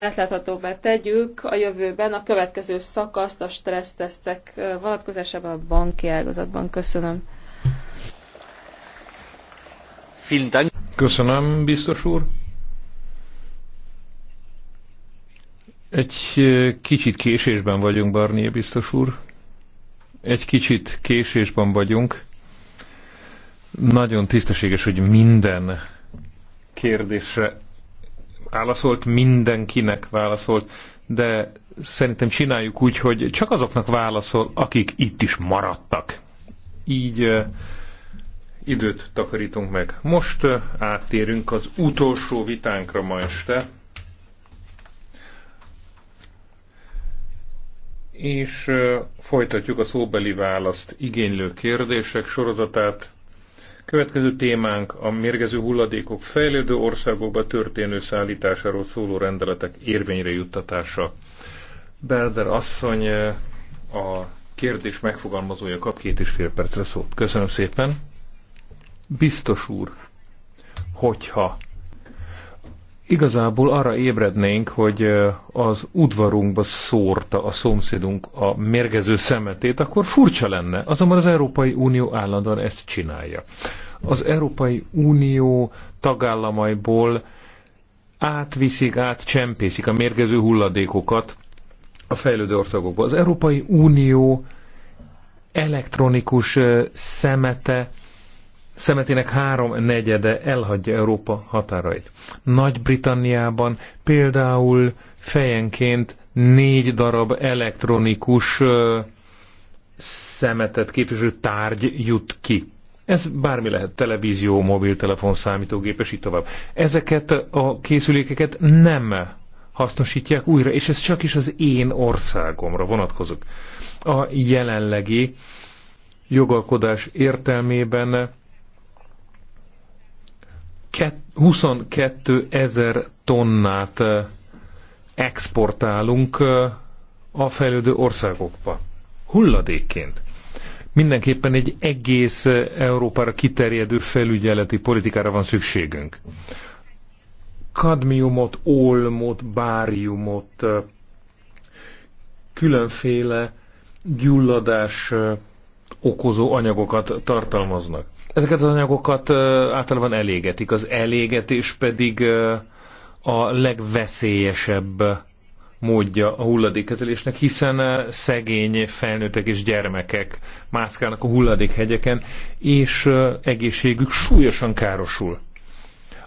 átláthatóbbá tegyük a jövőben a következő szakaszt a stressztesztek vonatkozásában a banki ágazatban. Köszönöm. Köszönöm, biztos úr. Egy kicsit késésben vagyunk, Barnier biztos úr. Egy kicsit késésben vagyunk. Nagyon tisztességes, hogy minden kérdésre válaszolt, mindenkinek válaszolt, de szerintem csináljuk úgy, hogy csak azoknak válaszol, akik itt is maradtak. Így uh, időt takarítunk meg. Most uh, áttérünk az utolsó vitánkra ma este. És uh, folytatjuk a szóbeli választ igénylő kérdések sorozatát. Következő témánk a mérgező hulladékok fejlődő országokba történő szállításáról szóló rendeletek érvényre juttatása. Berder asszony eh, a kérdés megfogalmazója kap két és fél percre szót. Köszönöm szépen. Biztos úr, hogyha igazából arra ébrednénk, hogy az udvarunkba szórta a szomszédunk a mérgező szemetét, akkor furcsa lenne. Azonban az Európai Unió állandóan ezt csinálja. Az Európai Unió tagállamaiból átviszik, átcsempészik a mérgező hulladékokat a fejlődő országokba. Az Európai Unió elektronikus szemete szemetének három negyede elhagyja Európa határait. Nagy-Britanniában például fejenként négy darab elektronikus szemetet képviselő tárgy jut ki. Ez bármi lehet, televízió, mobiltelefon, számítógép, és így tovább. Ezeket a készülékeket nem hasznosítják újra, és ez csak is az én országomra vonatkozik. A jelenlegi jogalkodás értelmében 22 ezer tonnát eh, exportálunk eh, a fejlődő országokba. Hulladékként. Mindenképpen egy egész eh, Európára kiterjedő felügyeleti politikára van szükségünk. Kadmiumot, olmot, báriumot, különféle gyulladás okozó anyagokat tartalmaznak. Ezeket az anyagokat általában elégetik, az elégetés pedig a legveszélyesebb módja a hulladékkezelésnek, hiszen szegény felnőttek és gyermekek mászkálnak a hulladékhegyeken, és egészségük súlyosan károsul.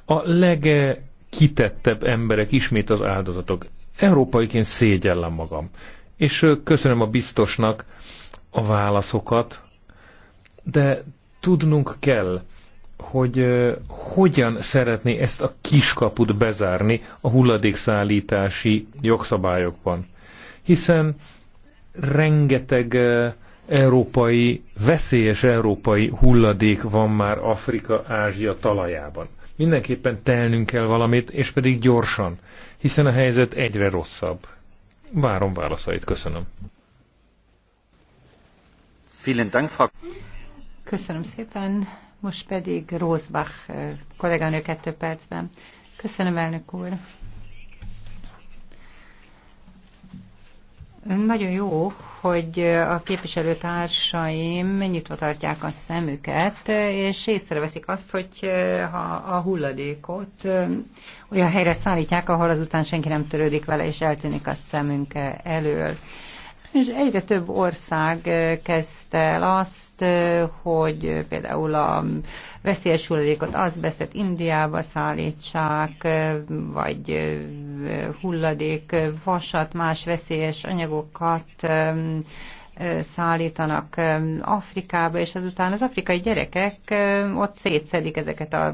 A legkitettebb emberek ismét az áldozatok. Európaiként szégyellem magam. És köszönöm a biztosnak a válaszokat, de tudnunk kell, hogy hogyan szeretné ezt a kiskaput bezárni a hulladékszállítási jogszabályokban. Hiszen rengeteg európai, veszélyes európai hulladék van már Afrika, Ázsia talajában. Mindenképpen telnünk kell valamit, és pedig gyorsan, hiszen a helyzet egyre rosszabb. Várom válaszait, köszönöm. Vielen Dank, Frau Köszönöm szépen. Most pedig Rózbach eh, kolléganő kettő percben. Köszönöm, elnök úr. Nagyon jó, hogy a képviselőtársaim nyitva tartják a szemüket, és észreveszik azt, hogy eh, ha a hulladékot eh, olyan helyre szállítják, ahol azután senki nem törődik vele, és eltűnik a szemünk elől és egyre több ország kezdte el azt, hogy például a veszélyes hulladékot azbesztet Indiába szállítsák, vagy hulladék, vasat, más veszélyes anyagokat szállítanak Afrikába, és azután az afrikai gyerekek ott szétszedik ezeket a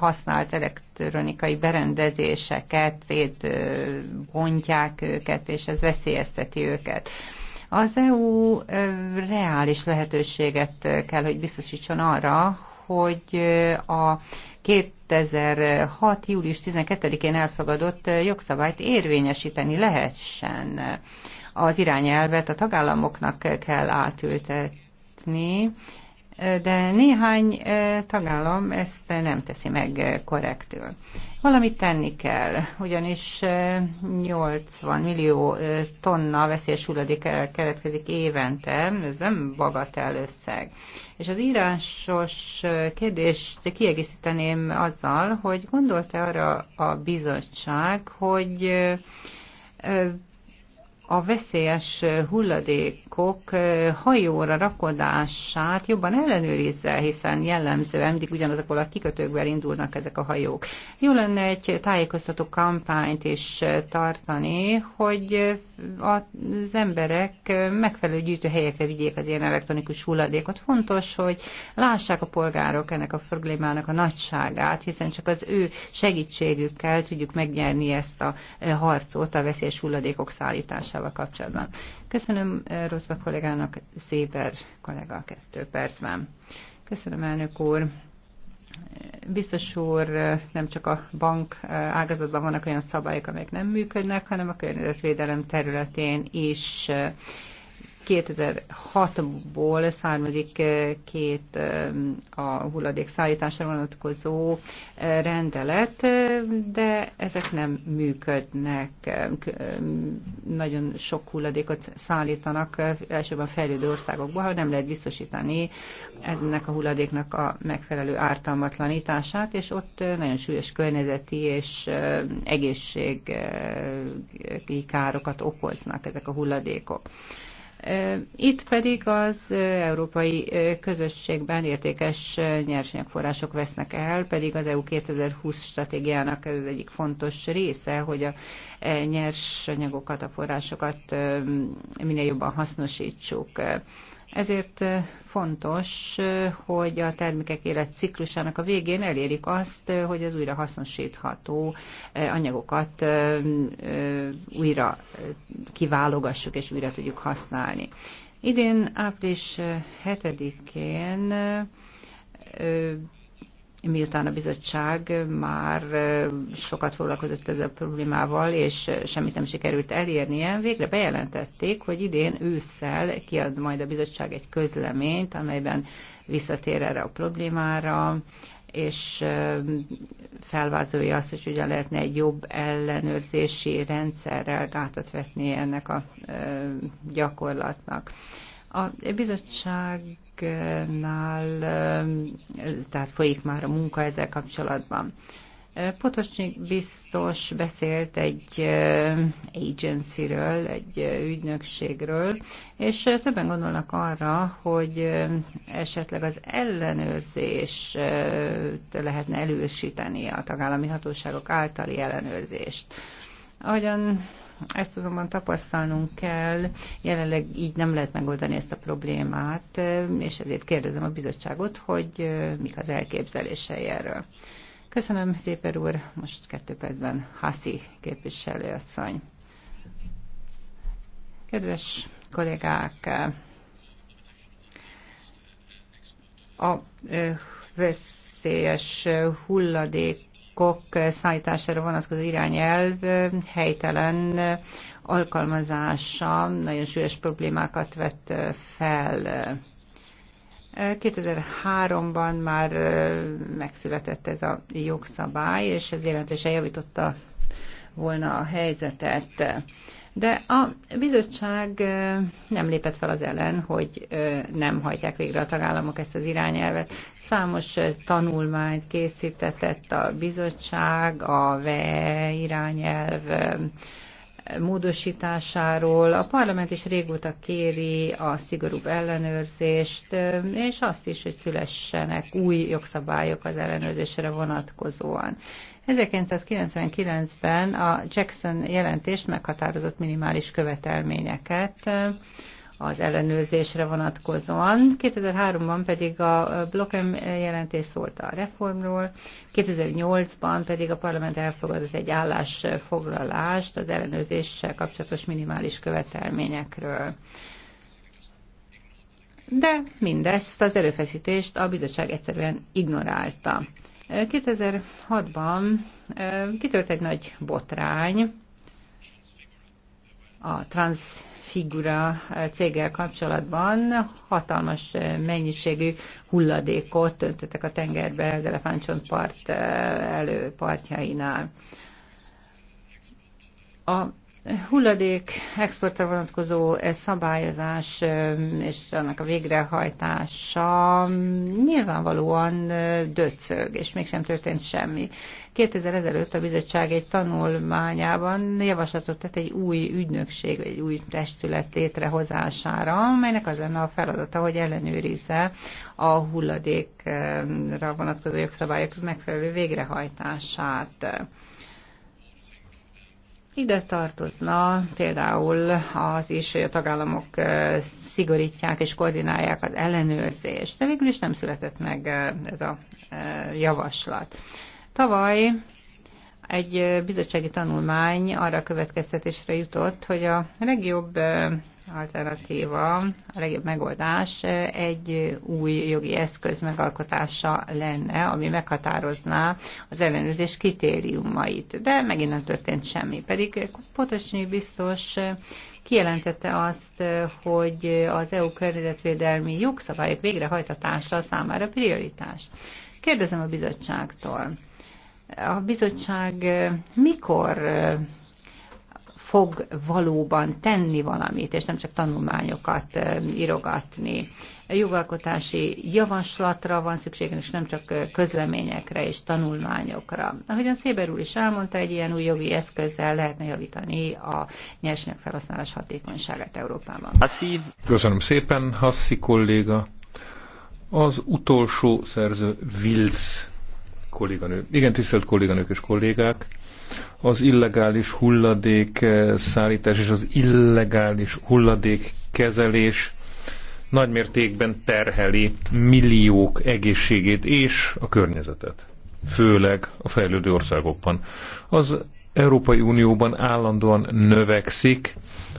használt elektronikai berendezéseket, szétbontják őket, és ez veszélyezteti őket. Az EU reális lehetőséget kell, hogy biztosítson arra, hogy a 2006. július 12-én elfogadott jogszabályt érvényesíteni lehessen az irányelvet a tagállamoknak kell átültetni, de néhány eh, tagállam ezt nem teszi meg korrektül. Valamit tenni kell, ugyanis 80 eh, millió eh, tonna veszélyes hulladék keletkezik évente, ez nem bagatel összeg. És az írásos kérdést kiegészíteném azzal, hogy gondolta arra a bizottság, hogy a veszélyes hulladékok hajóra rakodását jobban ellenőrizze, hiszen jellemzően mindig ugyanazokból a kikötőkből indulnak ezek a hajók. Jó lenne egy tájékoztató kampányt is tartani, hogy az emberek megfelelő gyűjtőhelyekre vigyék az ilyen elektronikus hulladékot. Fontos, hogy lássák a polgárok ennek a problémának a nagyságát, hiszen csak az ő segítségükkel tudjuk megnyerni ezt a harcot a veszélyes hulladékok szállítására végrehajtásával kapcsolatban. Köszönöm eh, Roszba kollégának, Széber kollega kettő percben. Köszönöm, elnök úr. Biztos úr, eh, nem csak a bank eh, ágazatban vannak olyan szabályok, amelyek nem működnek, hanem a környezetvédelem területén is 2006-ból származik két a hulladék szállításra vonatkozó rendelet, de ezek nem működnek. Nagyon sok hulladékot szállítanak elsőben fejlődő országokba, ha nem lehet biztosítani ennek a hulladéknak a megfelelő ártalmatlanítását, és ott nagyon súlyos környezeti és egészségi károkat okoznak ezek a hulladékok. Itt pedig az európai közösségben értékes nyersanyagforrások vesznek el, pedig az EU 2020 stratégiának ez egyik fontos része, hogy a e, nyersanyagokat, a forrásokat minél jobban hasznosítsuk. Ezért fontos, hogy a termékek életciklusának a végén elérjük azt, hogy az újra hasznosítható anyagokat újra kiválogassuk és újra tudjuk használni. Idén április 7-én miután a bizottság már sokat foglalkozott ezzel a problémával, és semmit nem sikerült elérnie, végre bejelentették, hogy idén ősszel kiad majd a bizottság egy közleményt, amelyben visszatér erre a problémára, és felvázolja azt, hogy hogyan lehetne egy jobb ellenőrzési rendszerrel gátat vetni ennek a gyakorlatnak. A bizottság bizottságnál, tehát folyik már a munka ezzel kapcsolatban. Potocsnik biztos beszélt egy agency-ről, egy ügynökségről, és többen gondolnak arra, hogy esetleg az ellenőrzést lehetne elősíteni a tagállami hatóságok általi ellenőrzést. Ahogyan ezt azonban tapasztalnunk kell, jelenleg így nem lehet megoldani ezt a problémát, és ezért kérdezem a bizottságot, hogy mik az elképzelései erről. Köszönöm, szépen úr. Most kettő percben Haszi képviselőasszony. Kedves kollégák, a veszélyes hulladék műanyagok szállítására vonatkozó irányelv helytelen alkalmazása nagyon súlyos problémákat vett fel. 2003-ban már megszületett ez a jogszabály, és ez jelentősen javította volna a helyzetet. De a bizottság nem lépett fel az ellen, hogy nem hajtják végre a tagállamok ezt az irányelvet. Számos tanulmányt készítetett a bizottság, a VE irányelv, módosításáról. A parlament is régóta kéri a szigorúbb ellenőrzést, és azt is, hogy szülessenek új jogszabályok az ellenőrzésre vonatkozóan. 1999-ben a Jackson jelentést meghatározott minimális követelményeket, az ellenőrzésre vonatkozóan. 2003-ban pedig a Blokem jelentés szólt a reformról, 2008-ban pedig a parlament elfogadott egy állásfoglalást az ellenőrzéssel kapcsolatos minimális követelményekről. De mindezt az erőfeszítést a bizottság egyszerűen ignorálta. 2006-ban kitört egy nagy botrány, a trans Figura eh, céggel kapcsolatban hatalmas eh, mennyiségű hulladékot öntöttek a tengerbe az elefántcsontpart eh, előpartjainál. A hulladék exportra vonatkozó szabályozás és annak a végrehajtása nyilvánvalóan döcög, és mégsem történt semmi. Két ezelőtt a bizottság egy tanulmányában javaslatot tett egy új ügynökség, egy új testület létrehozására, amelynek az lenne a feladata, hogy ellenőrizze a hulladékra vonatkozó jogszabályok megfelelő végrehajtását. Ide tartozna például az is, hogy a tagállamok szigorítják és koordinálják az ellenőrzést, de végül is nem született meg ez a javaslat. Tavaly egy bizottsági tanulmány arra következtetésre jutott, hogy a legjobb alternatíva, a legjobb megoldás egy új jogi eszköz megalkotása lenne, ami meghatározná az ellenőrzés kritériumait. De megint nem történt semmi. Pedig Potosnyi biztos kijelentette azt, hogy az EU környezetvédelmi jogszabályok végrehajtatása számára prioritás. Kérdezem a bizottságtól a bizottság mikor fog valóban tenni valamit, és nem csak tanulmányokat írogatni. Jogalkotási javaslatra van szükség, és nem csak közleményekre és tanulmányokra. Ahogyan Széber úr is elmondta, egy ilyen új jogi eszközzel lehetne javítani a nyersanyag felhasználás hatékonyságát Európában. Köszönöm szépen, Hassi kolléga. Az utolsó szerző Wills kolléganő. Igen, tisztelt kolléganők és kollégák, az illegális hulladék eh, szállítás és az illegális hulladék kezelés nagymértékben terheli milliók egészségét és a környezetet, főleg a fejlődő országokban. Az Európai Unióban állandóan növekszik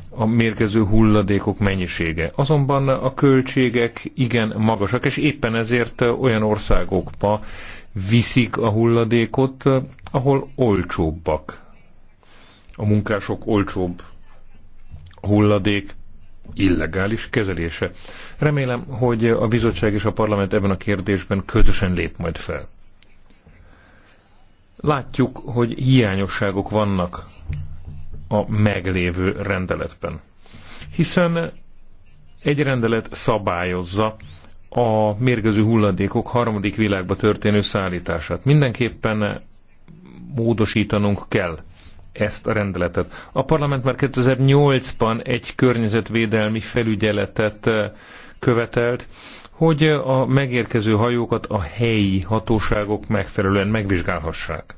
a mérgező hulladékok mennyisége. Azonban a költségek igen magasak, és éppen ezért eh, olyan országokba viszik a hulladékot, ahol olcsóbbak. A munkások olcsóbb hulladék illegális kezelése. Remélem, hogy a bizottság és a parlament ebben a kérdésben közösen lép majd fel. Látjuk, hogy hiányosságok vannak a meglévő rendeletben. Hiszen egy rendelet szabályozza a mérgező hulladékok harmadik világba történő szállítását. Mindenképpen módosítanunk kell ezt a rendeletet. A parlament már 2008-ban egy környezetvédelmi felügyeletet eh, követelt, hogy a megérkező hajókat a helyi hatóságok megfelelően megvizsgálhassák.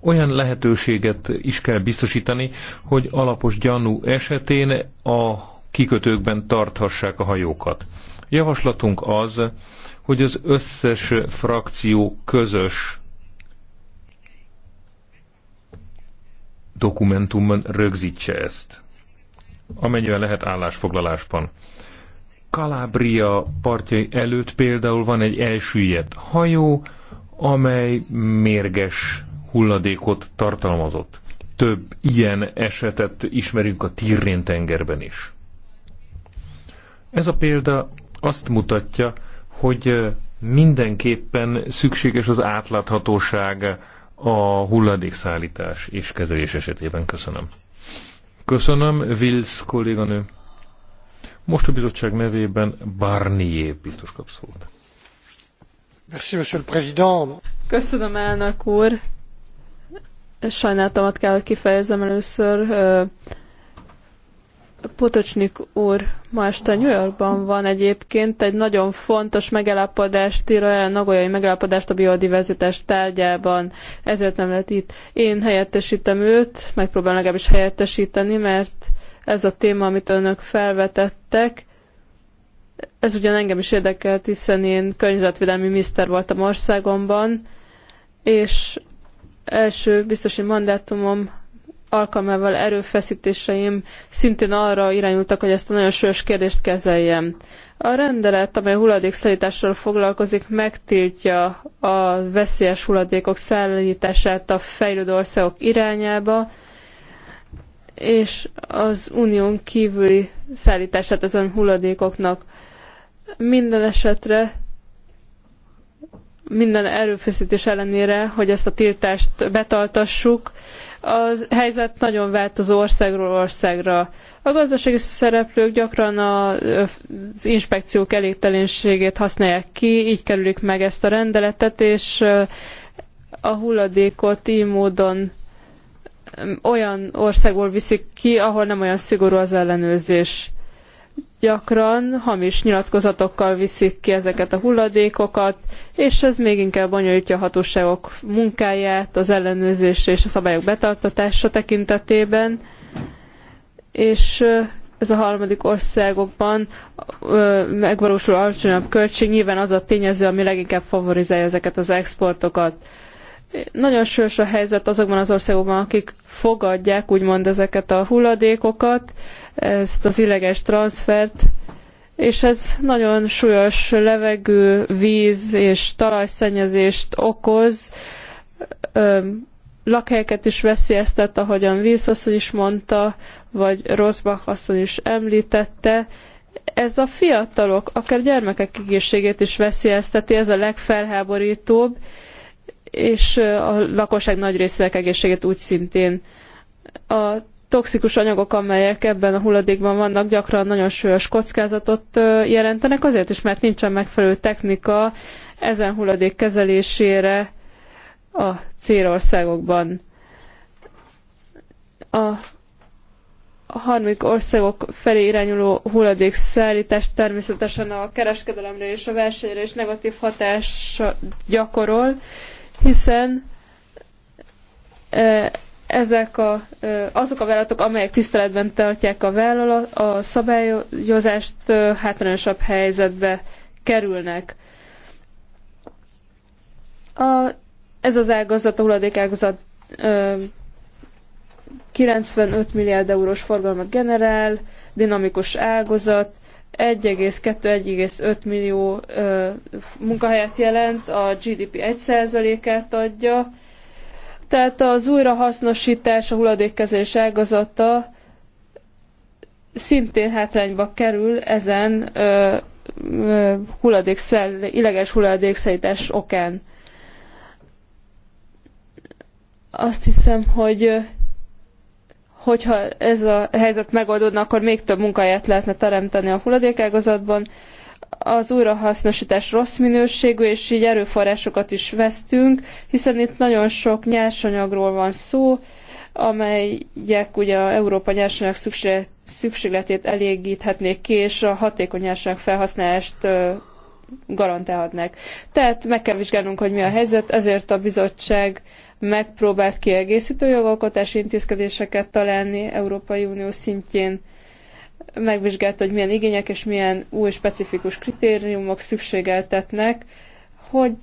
Olyan lehetőséget is kell biztosítani, hogy alapos gyanú esetén a kikötőkben tarthassák a hajókat. Javaslatunk az, hogy az összes frakció közös dokumentumban rögzítse ezt, amennyiben lehet állásfoglalásban. Kalábria partjai előtt például van egy elsüllyedt hajó, amely mérges hulladékot tartalmazott. Több ilyen esetet ismerünk a Tirrén tengerben is. Ez a példa azt mutatja, hogy mindenképpen szükséges az átláthatóság a hulladékszállítás és kezelés esetében. Köszönöm. Köszönöm, Vils kolléganő. Most a bizottság nevében Barnier biztos kap szót. Köszönöm, elnök úr. Sajnáltamat kell, hogy kifejezem először. Potocsnik úr ma este New Yorkban van egyébként, egy nagyon fontos megállapodást ír el, nagolyai megállapodást a biodiverzitás tárgyában, ezért nem lett itt. Én helyettesítem őt, megpróbálom legalábbis helyettesíteni, mert ez a téma, amit önök felvetettek, ez ugyan engem is érdekelt, hiszen én környezetvédelmi miniszter voltam országomban, és első biztosi mandátumom alkalmával erőfeszítéseim szintén arra irányultak, hogy ezt a nagyon súlyos kérdést kezeljem. A rendelet, amely hulladékszállítással foglalkozik, megtiltja a veszélyes hulladékok szállítását a fejlődő országok irányába, és az unión kívüli szállítását ezen hulladékoknak. Minden esetre minden erőfeszítés ellenére, hogy ezt a tiltást betartassuk, a helyzet nagyon változó országról országra. A gazdasági szereplők gyakran az inspekciók elégtelenségét használják ki, így kerülik meg ezt a rendeletet, és a hulladékot így módon olyan országból viszik ki, ahol nem olyan szigorú az ellenőrzés gyakran hamis nyilatkozatokkal viszik ki ezeket a hulladékokat, és ez még inkább bonyolítja a hatóságok munkáját, az ellenőrzés és a szabályok betartatása tekintetében. És ez a harmadik országokban megvalósul alacsonyabb költség, nyilván az a tényező, ami leginkább favorizálja ezeket az exportokat. Nagyon sős a helyzet azokban az országokban, akik fogadják úgymond ezeket a hulladékokat, ezt az illeges transfert, és ez nagyon súlyos levegő, víz és talajszennyezést okoz, lakhelyeket is veszélyeztet, ahogyan Vízasszony is mondta, vagy Rosbach asszony is említette, ez a fiatalok, akár gyermekek egészségét is veszélyezteti, ez a legfelháborítóbb, és a lakosság nagy részének egészségét úgy szintén. A toxikus anyagok, amelyek ebben a hulladékban vannak, gyakran nagyon súlyos kockázatot jelentenek, azért is, mert nincsen megfelelő technika ezen hulladék kezelésére a célországokban. A harmadik országok felé irányuló hulladékszállítás természetesen a kereskedelemre és a versenyre is negatív hatás gyakorol, hiszen ezek a, azok a vállalatok, amelyek tiszteletben tartják a, vállalat, a szabályozást hátrányosabb helyzetbe kerülnek. A, ez az ágazat, a hulladékágazat 95 milliárd eurós forgalmat generál, dinamikus ágazat, 1,2-1,5 millió munkahelyet jelent, a GDP 1%-át adja, tehát az újrahasznosítás, a hulladékkezelés ágazata szintén hátrányba kerül ezen ö, ö, hulladékszel, illeges hulladékszállítás okán. Azt hiszem, hogy hogyha ez a helyzet megoldódna, akkor még több munkahelyet lehetne teremteni a hulladékágazatban, az újrahasznosítás rossz minőségű, és így erőforrásokat is vesztünk, hiszen itt nagyon sok nyersanyagról van szó, amelyek ugye a Európa nyersanyag szükségletét elégíthetnék ki, és a hatékony nyersanyag felhasználást garantálhatnák. Tehát meg kell vizsgálnunk, hogy mi a helyzet, ezért a bizottság megpróbált kiegészítő jogalkotási intézkedéseket találni Európai Unió szintjén megvizsgálta, hogy milyen igények és milyen új specifikus kritériumok szükségeltetnek, hogy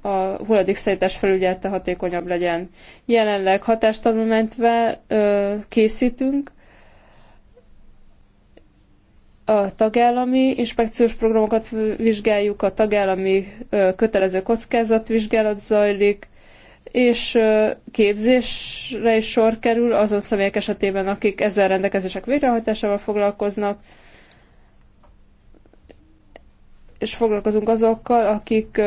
a hulladékszállítás felügyelete hatékonyabb legyen. Jelenleg hatástanulmentve készítünk, a tagállami inspekciós programokat vizsgáljuk, a tagállami kötelező kockázatvizsgálat zajlik, és képzésre is sor kerül azon személyek esetében, akik ezzel rendelkezések végrehajtásával foglalkoznak, és foglalkozunk azokkal, akik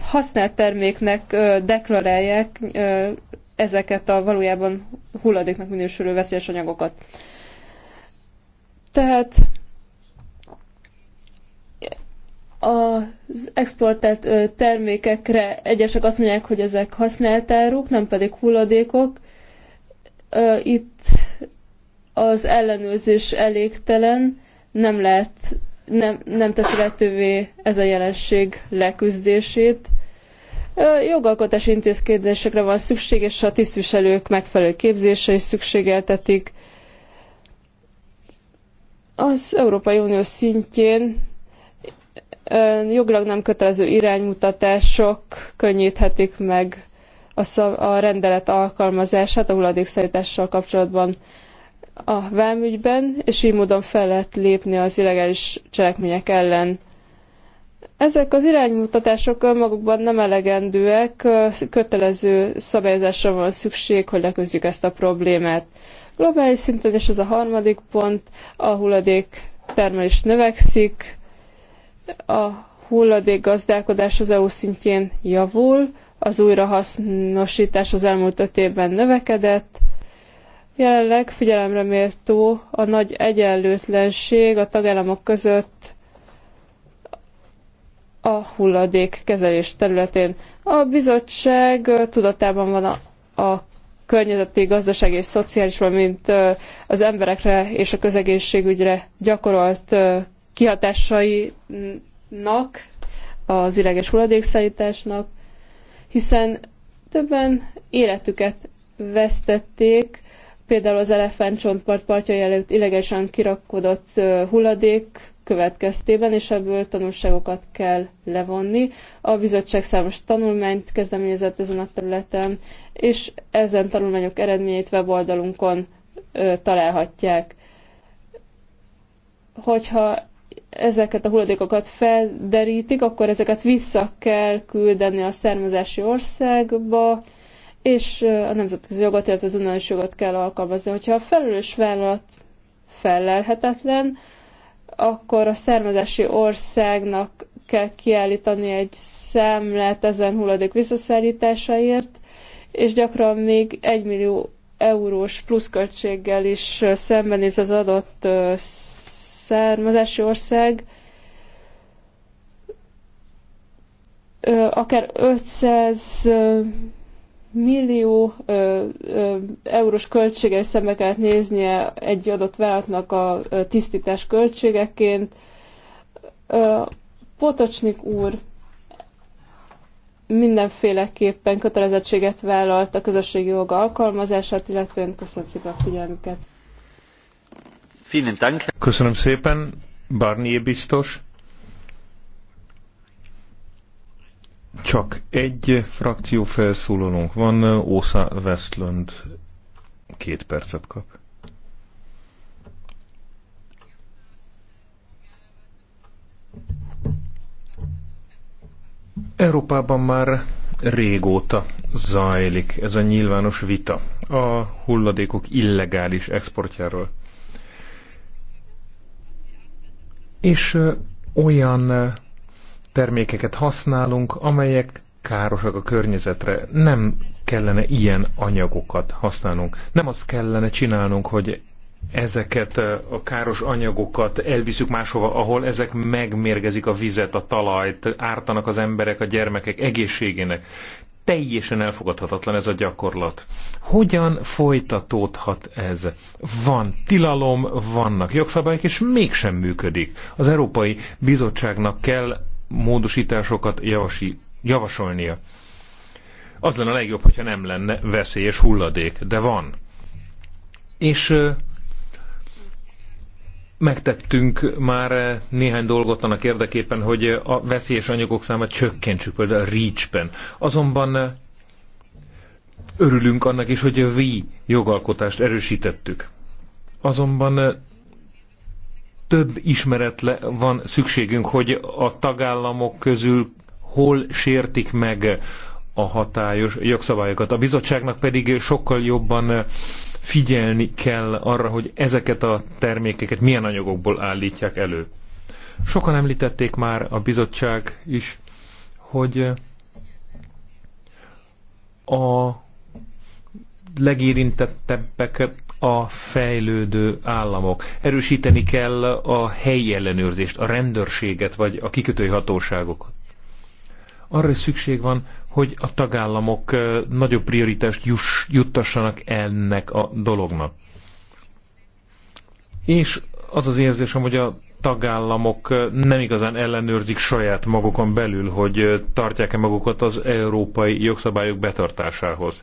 használt terméknek deklarálják ezeket a valójában hulladéknak minősülő veszélyes anyagokat. Tehát az exportált termékekre egyesek azt mondják, hogy ezek áruk, nem pedig hulladékok. Itt az ellenőrzés elégtelen, nem lehet, nem, nem teszi lehetővé ez a jelenség leküzdését. Jogalkotás intézkedésekre van szükség, és a tisztviselők megfelelő képzése is szükségeltetik. Az Európai Unió szintjén jogilag nem kötelező iránymutatások könnyíthetik meg a, a rendelet alkalmazását a hulladékszállítással kapcsolatban a vámügyben, és így módon fel lehet lépni az illegális cselekmények ellen. Ezek az iránymutatások önmagukban nem elegendőek, kötelező szabályozásra van szükség, hogy leküzdjük ezt a problémát. Globális szinten, és ez a harmadik pont, a hulladék termelés növekszik, a hulladék gazdálkodás az EU szintjén javul, az újrahasznosítás az elmúlt öt évben növekedett, Jelenleg figyelemre méltó a nagy egyenlőtlenség a tagállamok között a hulladék kezelés területén. A bizottság tudatában van a, a környezeti, gazdasági és szociális, valamint az emberekre és a közegészségügyre gyakorolt kihatásainak, az üreges hulladékszállításnak, hiszen többen életüket vesztették, például az elefántcsontpart partjai előtt illegesen kirakodott hulladék következtében, és ebből tanulságokat kell levonni. A bizottság számos tanulmányt kezdeményezett ezen a területen, és ezen tanulmányok eredményét weboldalunkon ö, találhatják. Hogyha ezeket a hulladékokat felderítik, akkor ezeket vissza kell küldeni a származási országba, és a nemzetközi jogot, illetve az uniós jogot kell alkalmazni. Hogyha a felelős vállalat felelhetetlen, akkor a származási országnak kell kiállítani egy számlát ezen hulladék visszaszállításaért, és gyakran még 1 millió eurós pluszköltséggel is szembenéz az adott származási ország akár 500 millió eurós költséges szembe kellett néznie egy adott vállalatnak a tisztítás költségeként. Potocsnik úr mindenféleképpen kötelezettséget vállalt a közösségi joga alkalmazását, illetően köszönöm szépen a figyelmüket. Köszönöm szépen, Barnier biztos. Csak egy frakció felszólalónk van, Ósa Westlund két percet kap. Európában már régóta zajlik ez a nyilvános vita a hulladékok illegális exportjáról. és olyan termékeket használunk, amelyek károsak a környezetre. Nem kellene ilyen anyagokat használnunk. Nem azt kellene csinálnunk, hogy ezeket a káros anyagokat elviszük máshova, ahol ezek megmérgezik a vizet, a talajt, ártanak az emberek, a gyermekek egészségének teljesen elfogadhatatlan ez a gyakorlat. Hogyan folytatódhat ez? Van tilalom, vannak jogszabályok, és mégsem működik. Az Európai Bizottságnak kell módosításokat javasi, javasolnia. Az lenne a legjobb, hogyha nem lenne veszélyes hulladék, de van. És megtettünk már néhány dolgot annak érdekében, hogy a veszélyes anyagok számát csökkentsük, például a REACH-ben. Azonban örülünk annak is, hogy a V jogalkotást erősítettük. Azonban több ismeretle van szükségünk, hogy a tagállamok közül hol sértik meg a hatályos jogszabályokat. A bizottságnak pedig sokkal jobban figyelni kell arra, hogy ezeket a termékeket milyen anyagokból állítják elő. Sokan említették már a bizottság is, hogy a legérintettebbek a fejlődő államok. Erősíteni kell a helyi ellenőrzést, a rendőrséget, vagy a kikötői hatóságokat. Arra is szükség van, hogy a tagállamok nagyobb prioritást juss, juttassanak ennek a dolognak. És az az érzésem, hogy a tagállamok nem igazán ellenőrzik saját magukon belül, hogy tartják-e magukat az európai jogszabályok betartásához.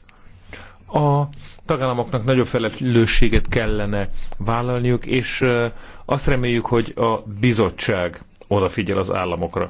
A tagállamoknak nagyobb felelősséget kellene vállalniuk, és azt reméljük, hogy a bizottság odafigyel az államokra.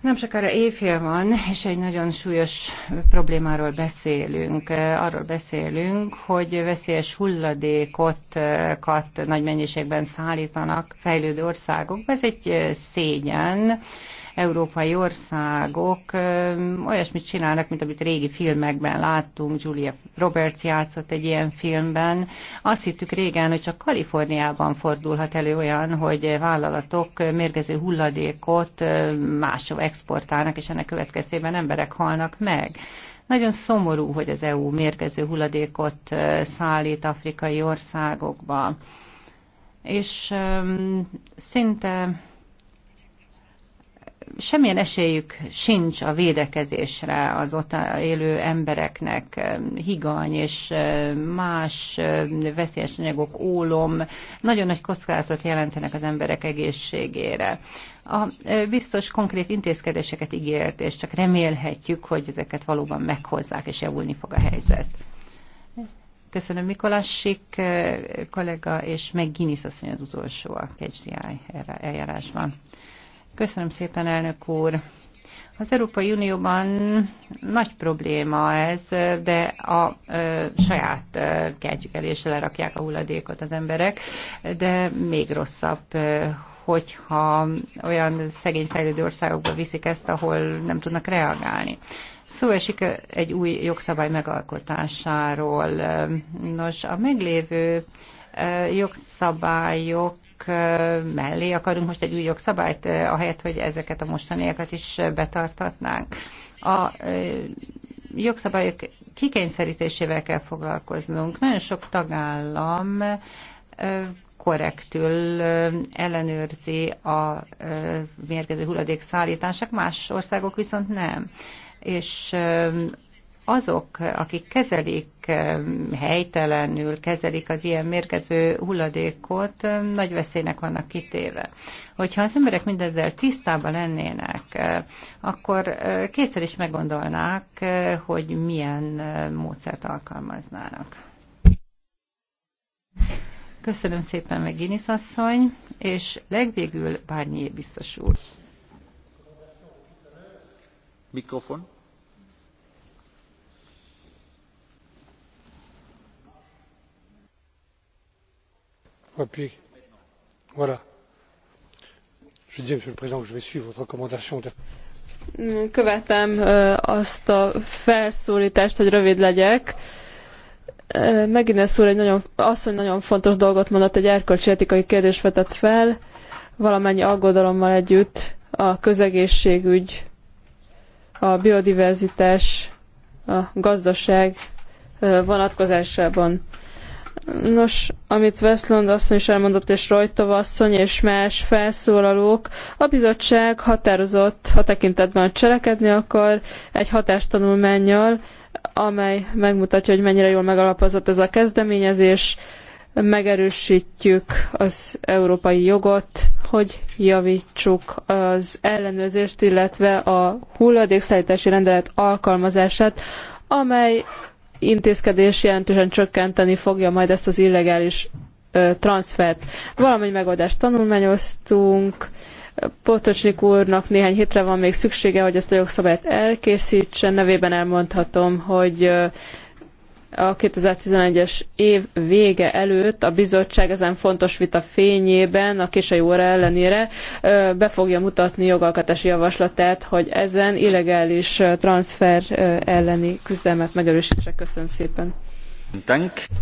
Nem sokára évfél van, és egy nagyon súlyos problémáról beszélünk. Arról beszélünk, hogy veszélyes hulladékokat eh, nagy mennyiségben szállítanak fejlődő országokba. Ez egy eh, szégyen európai országok olyasmit csinálnak, mint amit régi filmekben láttunk. Julia Roberts játszott egy ilyen filmben. Azt hittük régen, hogy csak Kaliforniában fordulhat elő olyan, hogy vállalatok mérgező hulladékot máshova exportálnak, és ennek következtében emberek halnak meg. Nagyon szomorú, hogy az EU mérgező hulladékot szállít afrikai országokba. És um, szinte semmilyen esélyük sincs a védekezésre az ott élő embereknek. Higany és más veszélyes anyagok, ólom nagyon nagy kockázatot jelentenek az emberek egészségére. A biztos konkrét intézkedéseket ígért, és csak remélhetjük, hogy ezeket valóban meghozzák, és javulni fog a helyzet. Köszönöm Mikolassik kollega, és meg Guinness asszony az utolsó a KGI eljárásban. Köszönöm szépen, elnök úr. Az Európai Unióban nagy probléma ez, de a ö, saját kertjükelésre lerakják a hulladékot az emberek, de még rosszabb, ö, hogyha olyan szegény fejlődő országokba viszik ezt, ahol nem tudnak reagálni. Szó esik egy új jogszabály megalkotásáról. Nos, a meglévő jogszabályok mellé akarunk most egy új jogszabályt, ahelyett, hogy ezeket a mostaniakat is betartatnánk. A jogszabályok kikényszerítésével kell foglalkoznunk. Nagyon sok tagállam korrektül ellenőrzi a mérgező hulladék szállítását, más országok viszont nem és azok, akik kezelik helytelenül, kezelik az ilyen mérgező hulladékot, nagy veszélynek vannak kitéve. Hogyha az emberek mindezzel tisztában lennének, akkor kétszer is meggondolnák, hogy milyen módszert alkalmaznának. Köszönöm szépen meg Ginis asszony, és legvégül Bárnyi biztos úr. Mikrofon. követem azt a felszóltást hogy rövid legyek. mcguinness úr egy nagyon, asszony nagyon fontos dolgot mondott egy erkölcsi etikai kérdést vetett fel valamennyi aggodalommal együtt a közegészségügy a biodiverzitás a gazdaság vonatkozásában Nos, amit Westlund asszony is elmondott, és Rajtov asszony, és más felszólalók, a bizottság határozott, ha tekintetben cselekedni akar, egy hatástanulmányjal, amely megmutatja, hogy mennyire jól megalapozott ez a kezdeményezés, megerősítjük az európai jogot, hogy javítsuk az ellenőrzést, illetve a hulladékszállítási rendelet alkalmazását, amely intézkedés jelentősen csökkenteni fogja majd ezt az illegális transfert. Valamennyi megoldást tanulmányoztunk, Potocsnik úrnak néhány hétre van még szüksége, hogy ezt a jogszabályt elkészítsen. Nevében elmondhatom, hogy a 2011-es év vége előtt a bizottság ezen fontos vita fényében a késői óra ellenére be fogja mutatni jogalkotási javaslatát, hogy ezen illegális transfer elleni küzdelmet megerősítse. Köszönöm szépen.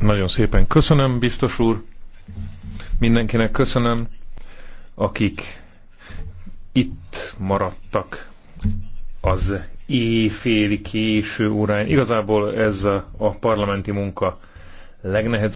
Nagyon szépen köszönöm, biztos úr. Mindenkinek köszönöm, akik itt maradtak az éjféli késő órán. Igazából ez a parlamenti munka legnehezebb.